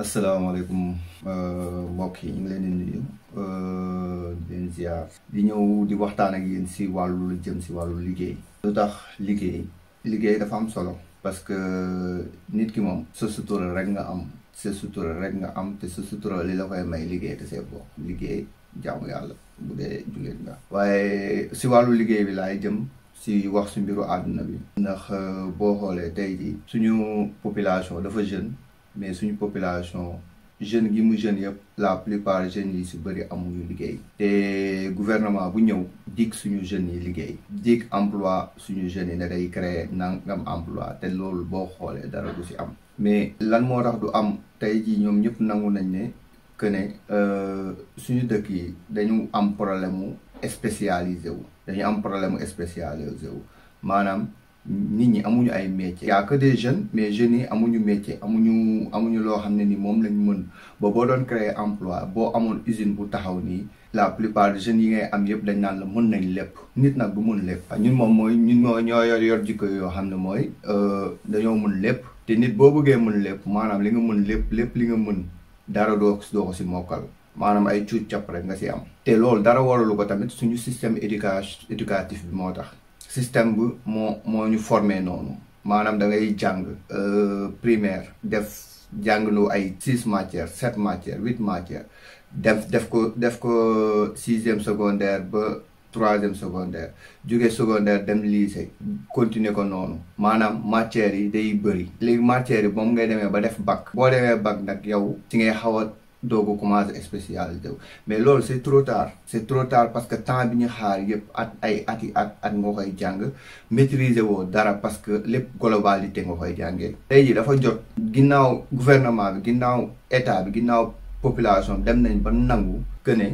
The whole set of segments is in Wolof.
asalaamaaleykum euh, mbokk yi ñu ngi leen di nuyu euh, di di ñëw di waxtaan ak yéen si wàllu lu jëm si wàllu liggéey lu tax liggéey liggéey dafa am solo parce que nit ki moom su sutura rek nga am sa sutura rek nga am te sa sutura li la koy may liggéey te see bokk liggéey jaamu yàlla bu dee jullit nga waaye si wàllu liggéey bi laay jëm si wax si mbiru àdduna bi ndax euh, boo xoolee tey jii suñu population dafa jeune mais suñu population jeune gi mu jeune yëpp la plupart jeunes yi si bëri amuñu liggéey te gouvernement bu ñëw dig suñu jeunes yi liggéey dig emploi suñu jeunes yi ne day créer nangam emploi te loolu boo xoolee dara du si am mais lan moo tax du am tey jii ñoom ñëpp nangu nañ ne que ne euh, suñu dëkk yi dañu am problème mu spécialisé wu dañu am problème mu spécialisé wu maanaam nit ñi amuñu ay métier y a que des jeunes mais jeunes yi amuñu métier amuñu amuñu loo xam ne nii moom lañ mën ba boo doon créer emploi boo amul usine bu taxaw nii la plupart jeunes yi ngay am yëpp dañ naan la mën nañ lépp nit nag du mën lépp ñun moom mooy ñun moo ñoo yor yor jikko yoo xam ne mooy euh, dañoo mën lépp te nit boo bëggee mën lépp maanaam li nga mën lépp lépp li nga mën dara doo doo si mokkal maanaam ay cuuj capp rek nga si am te loolu dara waralu ko tamit suñu système éducation éducatif moo tax système bu moo moo ñu formé noonu maanaam da ngay jàng euh, primaire def jàng lu ay six matières sept matières huit matières def def ko def ko sixième secondaire ba troisième secondaire juge secondaire dem liise continuer ko noonu maanaam matières yi day bëri léegi matières yi moom ngay demee ba def bac boo demee bac nag yow ci ngay xaw doog a commencé spécialisé wu mais lool c' est trop tard c' est trop tard parce que temps bi ñu xaar yëpp at ay at yi at at nga koy jàng maitriser woo dara parce que lépp globalité nga koy jàngee. tey jii dafa jot ginnaaw gouvernement bi ginnaaw état bi ginnaaw population dem nañ ba nangu que ne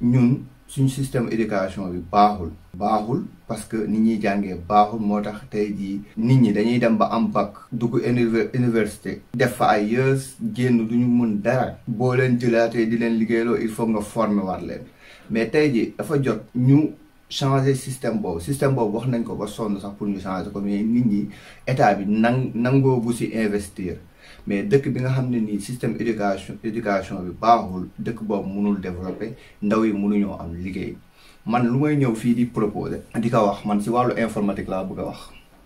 ñun. suñu système éducation bi baaxul. baaxul parce que nit ñuy jàngee baaxul moo tax tey jii nit ñi dañuy dem ba am bac dugg université def fa ay years génn ñu mun dara boo leen jëlaatee di leen liggéeyloo il faut nga former war mais tey jii dafa jot ñu changer système boobu système boobu wax nañ ko ba sonn sax pour ñu changer ko mais nit ñi état bi nang nangoo bu si investir mais dëkk bi nga xam ne nii système éducation éducation bi baaxul dëkk boobu munul développer ndaw yi mënuñoo am liggéey man lu may ñëw fii di proposer di ko wax man si wàllu informatique laa bëgg wax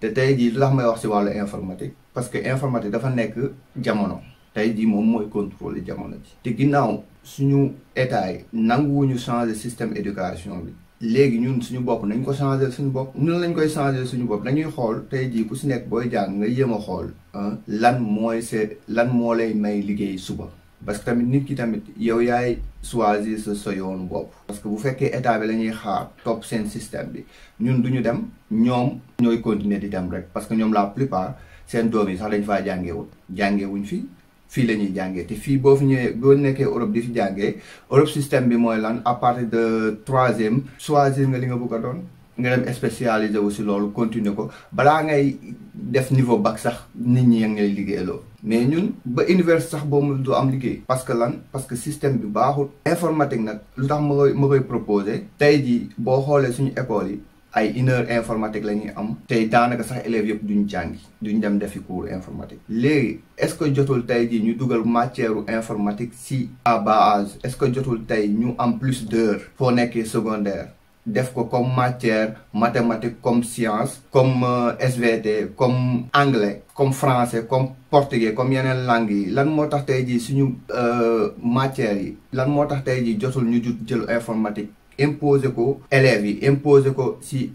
te tey jii lax may wax si wàllu informatique parce que informatique dafa nekk jamono tey jii moom mooy contrôler jamono ji te ginnaaw suñu état yi nanguwuñu changer système éducation bi léegi ñun suñu bopp nañ ko changé suñu bopp ñun lañ koy changé suñu bopp dañuy xool tey jii ku si nekk booy jàng nga yéem a xool lan mooy se lan moo lay may liggéey suba parce que tamit nit ki tamit yow yaay choisir sa sa yoonu bopp parce que bu fekkee état bi lañuy ñuy xaar topp seen système bi ñun du ñu dem ñoom ñooy continuer di dem rek parce que ñoom la plupart seen doom yi sax dañ faa jàngewul jàngewuñ fii fii la ñuy jàngee te fii boo fi ñëwee boo nekkee Europe di fi jàngee Europe système bi mooy lan à partir de troisième choisir nga li nga bugg a doon nga dem spécialisé si loolu continuer ko balaa ngay def niveau bac sax nit ñi ngay liggéeyloo mais ñun ba université sax boo mu du am liggéey parce que lan parce que système bi baaxul informatique nag lu tax ma koy ma koy proposé tey jii boo xoolee suñu école yi ay une heure informatique la ñuy am tey daanaka sax élèves yëpp duñ jàngi duñ dem defi cours informatique léegi est-ce que jotul tey jii ñu dugal matière informatique si à bas âge est-ce que jotul tey ñu am plus d'heures foo nekkee secondaire def ko comme matière mathématique comme science comme euh, SVT comme anglais comme français comme portugais comme yeneen lang yi lan moo tax tey jii suñu euh, matières yi lan moo tax tey jii jotul ñu jut jël informatique imposer ko élèves yi imposé ko si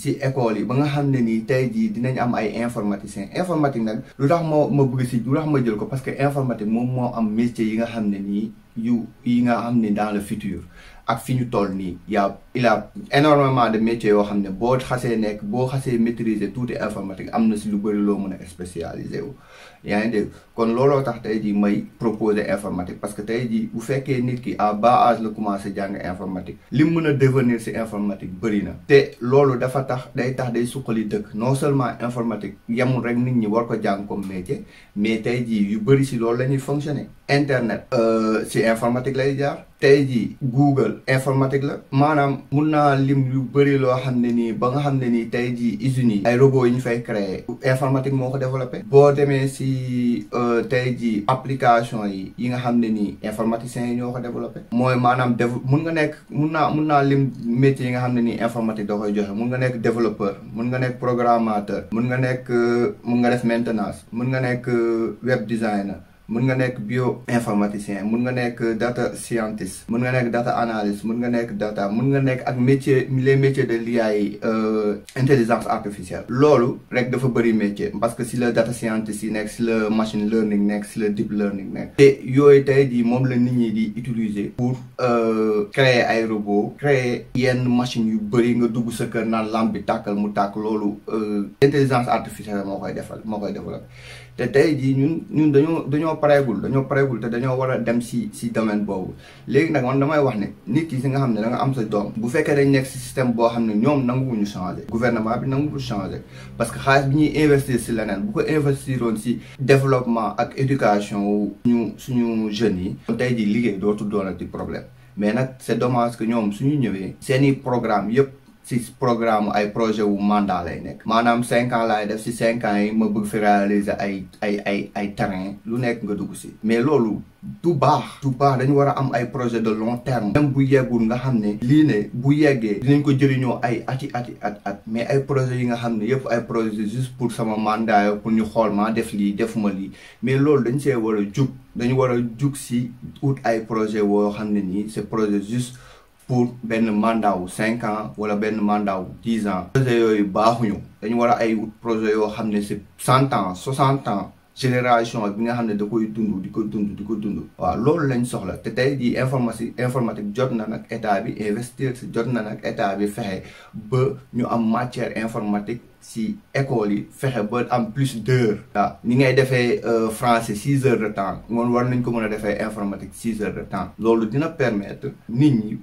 si école yi ba nga xam ne nii tey jii dinañ am ay informaticiens informatique nag lu tax moo ma bëgg si lu tax ma jël ko parce que informatique moom moo am métier yi nga xam ne nii yu yi nga xam ni dans le futur ak fi ñu toll nii y' a il énormément de métiers yoo xam ne boo xasee nekk boo xasee maîtriser tuuti informatique am na si lu bëri loo mën a spécialisé wu. yaa ngi dégg kon looloo tax tey jii informatique parce que tey jii bu fekkee nit ki à bas âge la commencé jàng informatique. mën a devenir si informatique bëri na. te loolu dafa tax day tax day suqali dëkk non seulement informatique yemul rek nit ñi war ko jàng comme métier mais tey jii yu bëri si loolu la ñuy fonctionner internet. Euh, si informatique lay jaar tey jii Google informatique la maanaam mun naa lim yu bëri loo xam ne nii ba nga xam ne nii tey jii usines yi ay robots yi ñu fay créer informatique moo ko développé boo demee si euh, tey jii application yi yi nga xam ne nii informaticiens yi ñoo ko développé mooy maanaam def mun nga nekk mun naa mun naa lim métier yi nga xam ne nii informatique doo koy joxe mun nga nekk développeur mun nga nekk programmateur mun nga nekk euh, mun nga def maintenance mun nga nekk euh, web designer mun nga nekk bio informaticien mun nga nekk data scientist mun nga nekk data analyst mun nga nekk data mun nga nekk ak métier les métiers de l'IA yi euh, intelligence artificielle loolu rek dafa bëri métier parce que si la data scientist yi nekk si la machine learning nekk si la deep learning nekk te yooyu tey jii moom la nit ñi di utiliser pour euh, créer ay robot créer yenn machine yu bëri nga dugg sa kër naan lampe bi tàkkal mu tàkk loolu euh, intelligence artificielle moo koy defal moo koy defal te tey jii ñun dañoo pareegul dañoo pareegul te dañoo war a dem si si domaine boobu léegi nag man damay wax ne nit yi si nga xam ne da am sa doom bu fekkee dañ nekk si système boo xam ne ñoom nanguwuñu changé gouvernement bi nanguwul changé parce que xaalis bi ñuy investir si leneen bu ko investiroon si développement ak éducation wu ñu suñu jeunes yi tey ji liggéey dootul di problème mais nag c'est dommage que ñoom su ñu ñëwee seeni programme yëpp si programme ay projet wu mandat lay nekk maanaam cinq ans laay def si cinq ans yi ma bëgg fi réaliser ay ay ay ay lu nekk nga dugg si mais loolu du baax du baax dañu war a am ay projet de long terme même bu yeggul nga xam ne lii ne bu yeggee dinañ ko jëriñoo ay ati ati at at mais ay projet yi nga xam ne yëpp ay projet juste pour sama mandat yo pour ñu xool maa def lii def ma lii mais loolu dañ see war a jug dañu war a jug si ut ay projet woo xam ne nii c'est projet juste pour benn mandat wu cinq ans wala benn mandat wu dix ans. projet yooyu baaxuñu dañu war a ay wut projet yoo xam ne c'est cent ans soixante ans génération bi nga xam ne da koy dund di ko dund di ko dund. waaw loolu lañ soxla te tey jii informatique informatique jot na nag état bi investir si jot na nag état bi fexe ba ñu am matière informatique si école yi fexe ba am plus d'heures. waaw ni ngay defee euh, francais six heures de temps moom war nañ ko mën a defee informatique six heures de temps. loolu dina permettre nit ñi.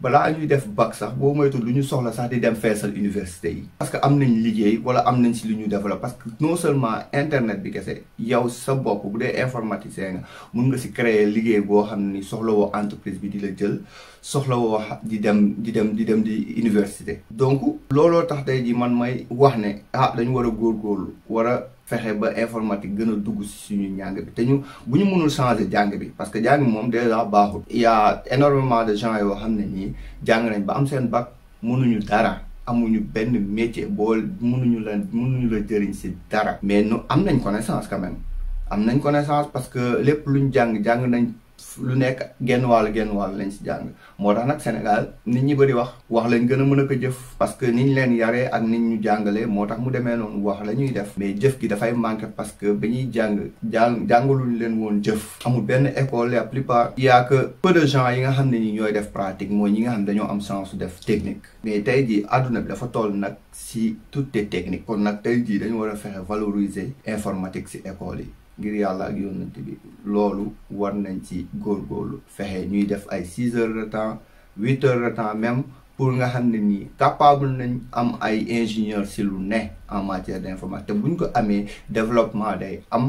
balaa ñuy def bac sax boo moytu lu ñu soxla sax di dem feesal université yi parce que am nañ liggéey wala am nañ si lu ñu développé parce que non seulement internet bi kese yow sa bopp bu dee informaticien nga mun nga si créer liggéey boo xam ni soxlawoo entreprise bi di la jël soxlawoo di dem di dem di dem di université donc looloo tax tey ji man may wax ne ah dañu war a góorgóorlu war a fexe ba informatique gën a dugg si suñu njàng bi te ñu bu ñu mënul changer jàng bi parce que jàng bi moom déjà baaxul. il y de gens yoo xam ne nii jàng nañ ba am seen bac ñu dara amuñu benn métier bool mënuñu la mënuñu la jëriñ si dara. mais nu am nañ connaissance quand même am nañ connaissance parce que lépp luñ jàng jàng nañ. lu nekk genn wàll genn wàll lañ si jàng moo tax nag Sénégal nit ñi bëri wax wax lañ gën a mën a ko jëf parce que niñ leen yaree ak niñ ñu jàngalee moo tax mu demee noonu wax la ñuy def mais jëf gi dafay manqué parce que ba ñuy jàng jàng jàngaluñ leen woon jëf amul benn école la plupart y a que peu de gens yi nga xam ne ñi ñooy def pratique mooy ñi nga xam ne dañoo am chance def technique mais tey jii àdduna bi dafa tool nag si toutes les techniques kon nag tey jii dañu war a fexe valoriser informatique si école yi ngir yàlla ak yonent bi loolu war nañ ci góorgóorlu fexe ñuy def ay six heures de temps huit heures de temps même pour nga xam ne nii capable nañ am ay ingénieur si lu ne en matière d'informatique te buñ ko amee développement day am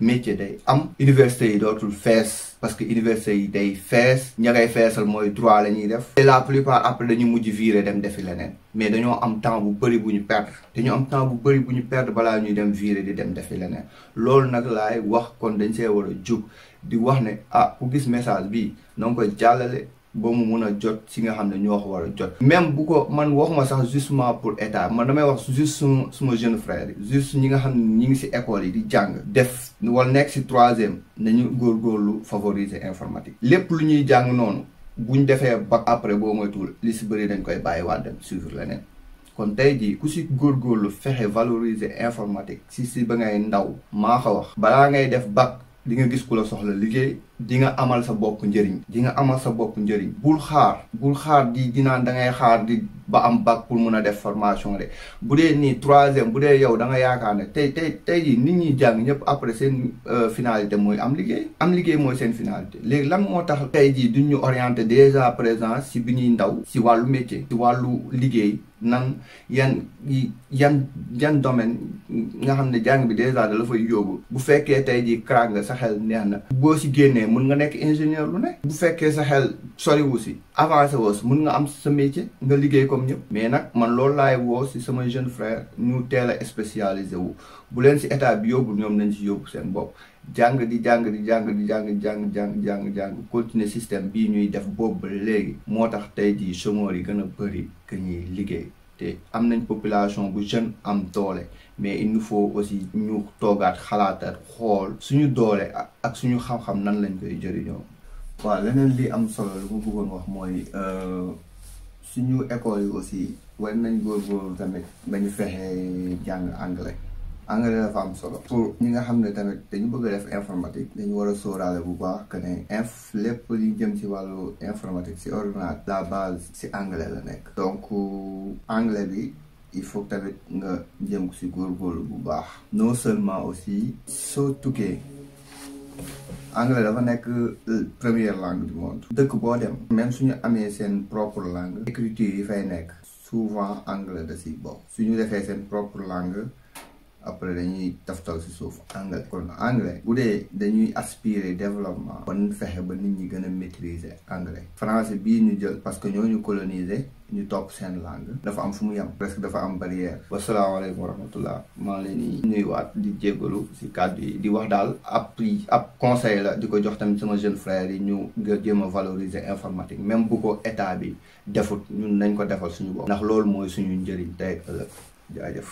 métier day am université yi dootul fees parce que université yi day fees ña ngay feesal mooy droit la ñuy def te la plupart après dañu mujj virer dem defi leneen mais dañoo am temps bu bëri bu ñu perdre dañoo am temps bu bëri bu ñu perdre balaa ñuy dem virer di dem defi leneen loolu nag laay wax kon dañ see war a jub di wax ne ah ku gis message bi na nga koy jàllale ba mu mun a jot si nga xam ne ñoo ko war a jot même bu ko man waxuma sax justement pour état man damay wax juste suma suma jeune frère yi juste ñi nga xam ne ñi ngi si école yi di jàng def wala nekk si troisième nañu góorgóorlu favoriser informatique lépp lu ñuy jàng noonu bu ñu defee bac après boo moytuwul li si bëri dañ koy bàyyi waa dem suivre leneen kon tey jii ku si góor góorgóorlu fexe valoriser informatique si si ba ngay ndaw maa ko wax balaa ngay def bac di nga gis ku la soxla liggéey di nga amal sa bopp njëriñ di nga amal sa bopp njëriñ bul xaar bul xaar di dinaan da ngay xaar di ba am bac pour mun a def formation rek bu dee nii troisième bu dee yow da nga yaakaar ne tey tey tey jii nit ñi jàng ñëpp après seen euh, finalité mooy am liggéey am liggéey mooy seen finalité léegi lan moo tax tey jii duñ ñu orienté déjà présent si bi ñuy ndaw si wàllu métier si wàllu liggéey nan yan yan yan domaine nga xam ne jàng bi dèjà da la fay yóbbu bu fekkee tey jii crack nga sa xel neex na boo si génnee mun nga nekk ingénieur lu ne bu fekkee sa xel soriwu si avancé woo si mun nga am sa métier nga liggéey comme ñëpp mais nag man loolu laay woo si sama jeune frère ñu teel a spécialisé wu bu leen si état bi yóbbu ñoom nañ si yóbbu seen bopp jàng di jàng di jàng di jàng di jàng jàng jàng jàng continuer système bii ñuy def boobu ba léegi moo tax tey jii chômeurs yi gën a bëri que ñuy liggéey te am nañ population bu jeune am doole mais il nous aussi ñu toogaat xalaataat xool suñu doole ak suñu xam-xam nan lañ koy jëriñoo. waa leneen li am solo lu ma bëggoon wax mooy euh, suñu école yi aussi war nañ góorgóorlu tamit ba ñu fexe jàng anglais. engrais dafa am solo pour ñi nga xam ne tamit dañu bëgg a def informatique dañu war a sóoraale bu baax que ne inf lépp li jëm ci wàllu informatique si ordinateur la base ci anglais la nekk donc euh, anglais bi il faut tamit nga jëm góor góorgóorlu bu baax non seulement aussi soo tukkee anglais dafa nekk euh, première langue du monde dëkk boo dem même ñu amee seen propre langue écriture yi fay nekk souvent anglais da ci su ñu defee seen propre langue après dañuy taftal si suuf anglais kon anglais bu dee dañuy aspirer développement kon fexe ba nit ñi gën a maîtriser anglais français bii ñu jël parce que ñoo ñu coloniser ñu topp seen langue dafa am fu mu yem presque dafa am barrière wasalaamaaleykum wa rahmatullah maa leen di nuyuwaat di jéggalu si kàddu yi di wax daal ab prix ab conseil la di ko jox tamit suma jeune frère yi ñu jéem a valoriser informatique même bu ko état bi defut ñun nañ ko defal suñu bopp ndax loolu mooy suñu njëriñ tey ëllëg